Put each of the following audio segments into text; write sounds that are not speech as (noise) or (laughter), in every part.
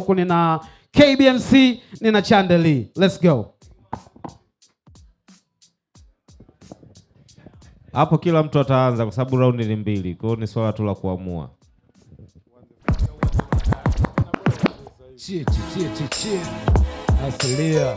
huku nina KBMC nina Chandeli. Let's go. Hapo kila mtu ataanza kwa sababu raundi ni mbili, kwa hiyo ni swala tu la kuamua. Cheer, cheer, cheer, Asilia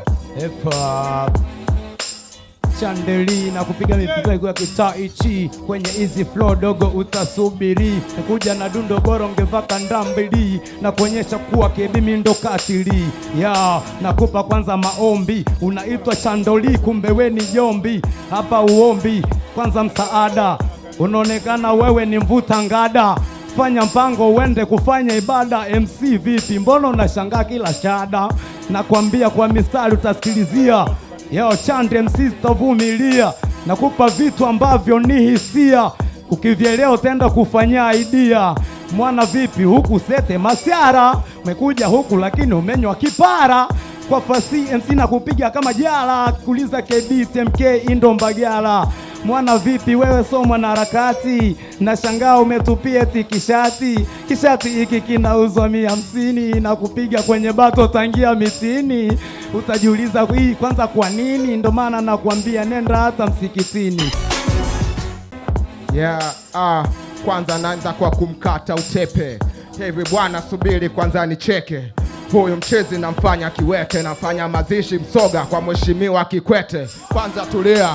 chandeli na kupiga mipigo ya kitaichi kwenye hizi flow dogo, utasubiri kuja na dundo boro, ngevaka ndambili na kuonyesha kuwa kidimi ndo katili ya nakupa kwanza maombi, unaitwa chandoli, kumbe we ni jombi, hapa uombi kwanza msaada, unaonekana wewe ni mvuta ngada fanya mpango uende kufanya ibada. MC vipi, mbona unashangaa kila shada? Nakwambia kwa mistari utasikilizia Yo, Chande MC sitavumilia, nakupa vitu ambavyo ni hisia, ukivyelea utaenda kufanya idea. Mwana vipi huku sete masiara, umekuja huku lakini umenywa kipara kwa fasi MC na kupiga kama jala, kuliza KB TMK Indo Mbagala. Mwana vipi wewe, so mwana harakati, na shangaa umetupia eti kishati. Kishati hiki kinauzwa mia hamsini na kupiga kwenye bato tangia mitini Utajiuliza hii kwanza kwa nini? Ndo maana nakwambia nenda hata msikitini. Yeah, ah, kwanza naanza kwa kumkata utepe hivi bwana, subiri kwanza nicheke huyu mchezi namfanya kiwete, nafanya mazishi msoga kwa mheshimiwa Kikwete. Kwanza tulia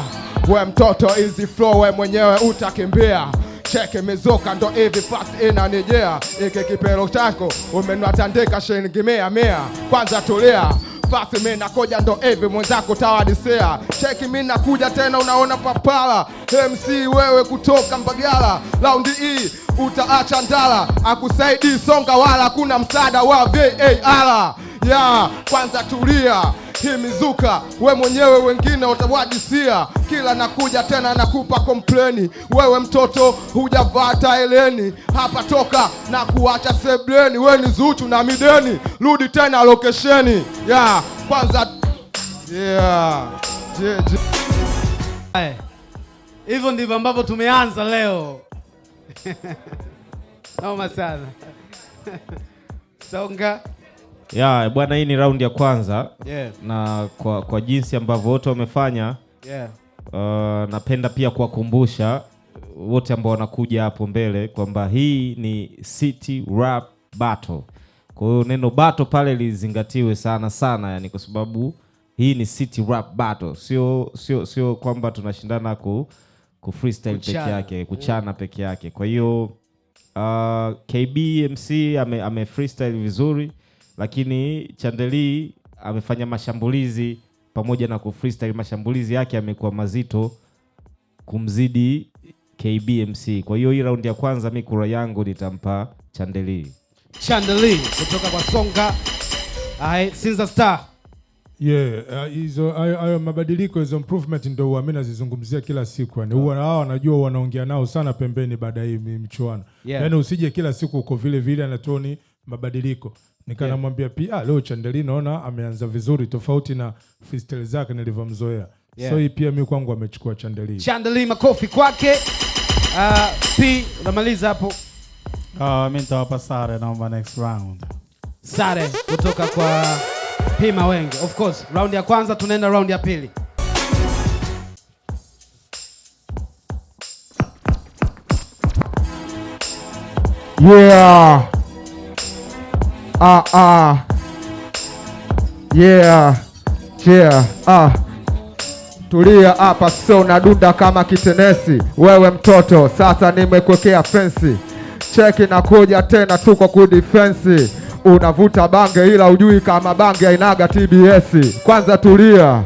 we mtoto, easy flow, we mwenyewe utakimbia. Cheke mizuka ndo hivi fast inanijea, iki kipero chako umenwatandika shilingi mia mia. Kwanza tulia basi mi nakoja ndo evi mwenzako tawadisea cheki mi nakuja tena unaona papala MC wewe kutoka Mbagala raundi hii e, utaacha ndala akusaidii songa wala kuna msaada wa VAR ya yeah, kwanza tulia himizuka, we mwenyewe wengine watawajisia kila nakuja tena nakupa kompleni. Wewe mtoto hujavaa taeleni, hapa toka na kuacha sebleni. We ni Zuchu na Mideni, rudi tena lokesheni yeah. Kwanza yeah. Hivyo ndivyo ambavyo tumeanza leo (laughs) naoma sana songa Yeah, bwana, hii ni raundi ya kwanza yeah. Na kwa, kwa jinsi ambavyo wote wamefanya yeah. Uh, napenda pia kuwakumbusha wote ambao wanakuja hapo mbele kwamba hii ni city rap battle. Kwa hiyo neno battle pale lizingatiwe sana sana, yani kwa sababu hii ni city rap battle, sio sio sio kwamba tunashindana ku, ku freestyle peke yake kuchana yeah. peke yake. Kwa hiyo uh, kbmc ame, ame freestyle vizuri lakini Chandeli amefanya mashambulizi pamoja na freestyle, mashambulizi yake yamekuwa mazito kumzidi KBMC. Kwa hiyo hii raundi ya kwanza mi kura yangu nitampa Chandeli. Chandeli kutoka kwa Songa Sinza Star. Yeah, uh, hizo hayo mabadiliko hizo improvement ndio huwa mimi nazizungumzia kila siku. Yaani huwa ah. hao wanajua wanaongea nao sana pembeni baada ya hii michuano. Yaani usije kila siku uko vile vile na toni mabadiliko nikanamwambia yeah. pia ah, leo Chandeli naona ameanza vizuri tofauti na fistel zake nilivyomzoea yeah. so hii pia mi kwangu amechukua Chandeli. Chandeli, makofi kwake. Uh, P unamaliza hapo. Uh, mi nitawapa sare, naomba next round sare kutoka kwa pima wengi Of course round ya kwanza, tunaenda round ya pili. Yeah ah, ah. Yeah. Yeah. Ah. Tulia hapa, so unadunda kama kitenesi wewe mtoto. Sasa nimekwekea fensi, cheki na tena, tuko kudifensi. Unavuta bange ila ujui kama bange ainaga TBS. Kwanza tulia,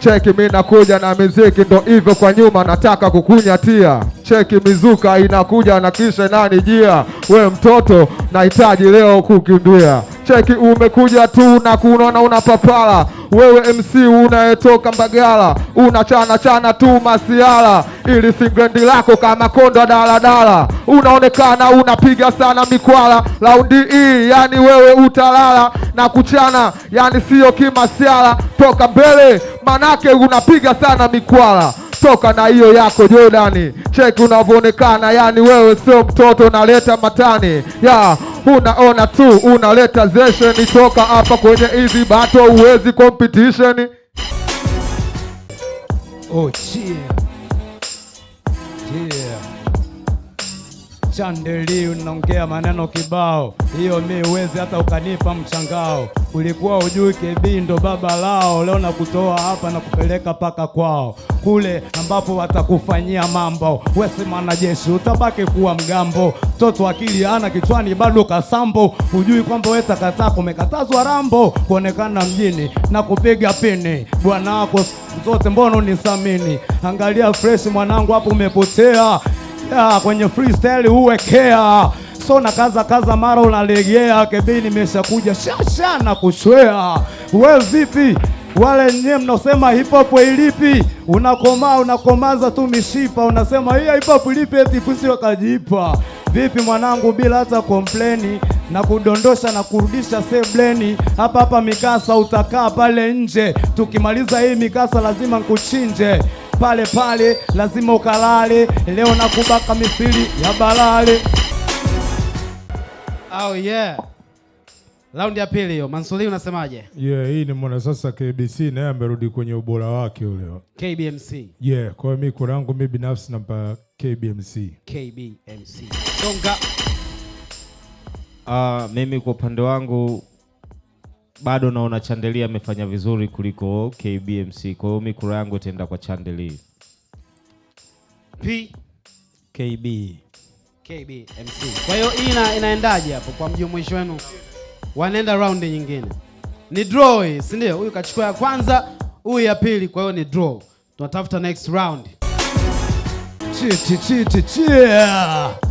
cheki, mi nakuja na miziki, ndo hivyo kwa nyuma nataka kukunyatia cheki mizuka inakuja na kisha nani jia, we mtoto nahitaji leo kukimbia. Cheki umekuja tu na kunaona papala wewe MC unayetoka Mbagala unachana chana tu masiala, ili sigrendi lako kama konda daladala, unaonekana unapiga sana mikwala. Raundi hii yani wewe utalala na kuchana, yani sio kimasiala, toka mbele manake unapiga sana mikwala toka na hiyo yako Jordani, check unavyoonekana, yani wewe sio mtoto, unaleta matani ya unaona tu unaleta zeshen, Toka hapa kwenye hizi bato, uwezi competition. Oh, yeah. Yeah. Chandeli unaongea maneno kibao, hiyo mi uwezi hata ukanipa mchangao. Ulikuwa ujui kibindo baba lao, leo nakutoa hapa na kupeleka paka kwao kule ambapo watakufanyia mambo. Wewe mwanajeshi utabaki kuwa mgambo, mtoto akili ana kichwani bado kasambo. Hujui kwamba wewe takataa umekatazwa rambo kuonekana mjini na kupiga pini. Bwana wako zote mbona unisamini? Angalia fresh mwanangu, hapo umepotea ah, kwenye freestyle uwekea so na kaza kaza, mara unalegea kebi, nimeshakuja shasha na kushwea. We vipi wale nyewe mnasema hip hop ilipi? Unakomaa unakomaza tu mishipa, unasema hii hip hop ilipi? Eti pusi wakajipa Vipi mwanangu, bila hata kompleni na kudondosha na kurudisha sebleni. Hapa hapa mikasa utakaa pale nje, tukimaliza hii mikasa lazima nkuchinje pale pale, lazima ukalale leo na kubaka misili ya balale. Oh yeah. Raundi ya pili hiyo. Mansuri unasemaje? Yeah, hii ni mwana sasa KBC naye amerudi kwenye ubora wake ule. KBMC. Yeah, kwa hiyo mimi kura yangu mimi binafsi nampa KBMC. KBMC. Songa. uh, mimi kwa upande wangu bado naona Chandelier amefanya vizuri kuliko KBMC. Kwa hiyo mi kura yangu itaenda kwa Chandelier. P KB MC. Kwa hiyo hii ina, inaendaje hapo kwa mjumuisho wenu? Wanaenda round nyingine, ni draw hii, si ndio? Huyu kachukua ya kwanza, huyu ya pili, kwa hiyo ni draw. Tunatafuta next round.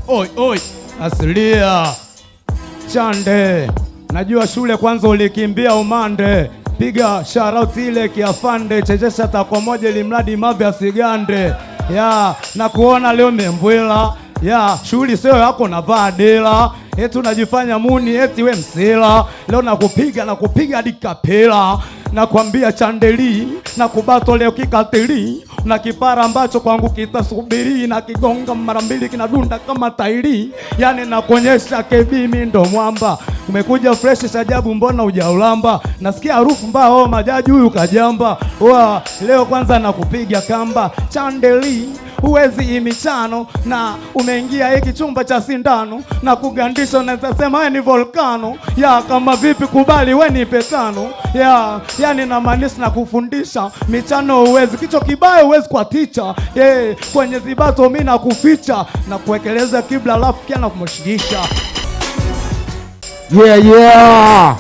Oi oi, asilia Chande Najua shule kwanza ulikimbia umande, piga sharauti ile kiafande, chezesha takwa moja ili mradi mavi asigande. Ya na kuona leo membwela ya shughuli sio yako, navaa dela eti unajifanya muni eti we msela. Leo nakupiga nakupiga hadi nakwambia chandeli na kubato leo kikatili na kipara ambacho kwangu kitasubiri na kigonga mara mbili kinadunda kama tairi, yani nakuonyesha kebi, ndo mwamba umekuja fresh shajabu, mbona hujaulamba? Nasikia harufu mbaya, oh majaji huyu kajamba. Wa leo kwanza nakupiga kamba chandeli huwezi imichano na umeingia hiki chumba cha sindano na kugandisha, nasema we ni volkano ya kama vipi, kubali we ni petano ya yani, namaanisha na kufundisha michano huwezi, kicho kibaya huwezi kwa ticha yeah, kwenye zibato mi kuficha na kuwekeleza kibla, alafu kia na kumshikisha yeah, yeah.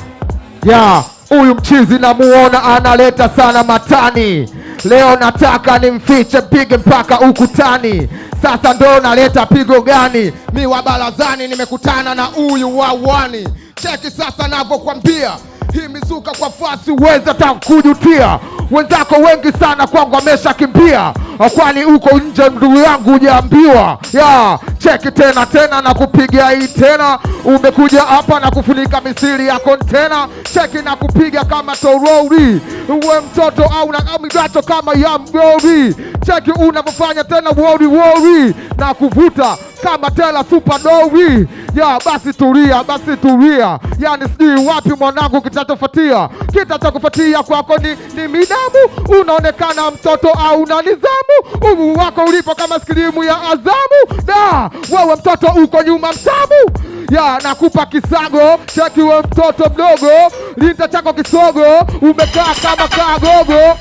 Yeah. Huyu mchizi namuona analeta sana matani, leo nataka nimfiche, pige mpaka ukutani. Sasa ndo naleta pigo gani? Mi wa barazani, nimekutana na huyu wawani, cheki sasa navyokwambia himizuka kwa fasi ta kujutia Wenzako wengi sana kwangu amesha kimbia, kwani uko nje ndugu yangu hujaambiwa ya cheki tena tena na kupiga hii tena, umekuja hapa na kufunika misiri ya kontena, cheki na kupiga kama torori uwe mtoto au na midato kama ya mgori, cheki unavyofanya tena wori wori na kuvuta kama tela supadori ya basi tulia, basi tulia, yani sijui wapi mwanangu kitatofatia, kitatakufatia kwako ni, ni midamu. Unaonekana mtoto au na nizamu, umu wako ulipo kama skrimu ya Azamu, da wewe mtoto uko nyuma mtamu ya nakupa kisago chakiwe mtoto mdogo linda chako kisogo umekaa kama kagogo.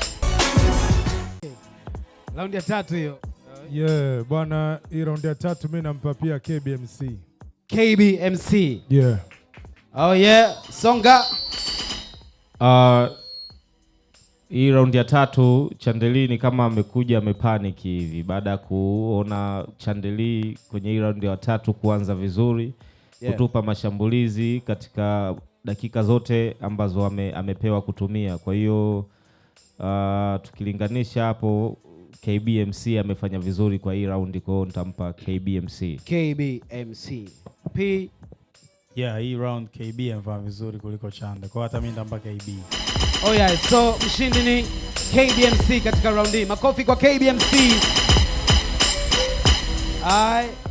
Raundi ya tatu hiyo. Yeah, bwana, hii raundi ya tatu mimi nampa pia KBMC. KBMC. Yeah. Oh yeah, songa. Uh, hii raundi ya tatu Chandeli ni kama amekuja amepaniki hivi baada ya kuona Chandeli kwenye hii raundi ya tatu kuanza vizuri yeah, kutupa mashambulizi katika dakika zote ambazo ame, amepewa kutumia. Kwa hiyo uh, tukilinganisha hapo KBMC amefanya vizuri kwa hii raundi, kwa hiyo nitampa KBMC. KBMC. P. Yeah, hii round KB amevaa vizuri kuliko Chande. Kwa hata mimi ndamba KB. Oh yeah, so mshindi ni KBMC katika round hii. Makofi kwa KBMC. Aye.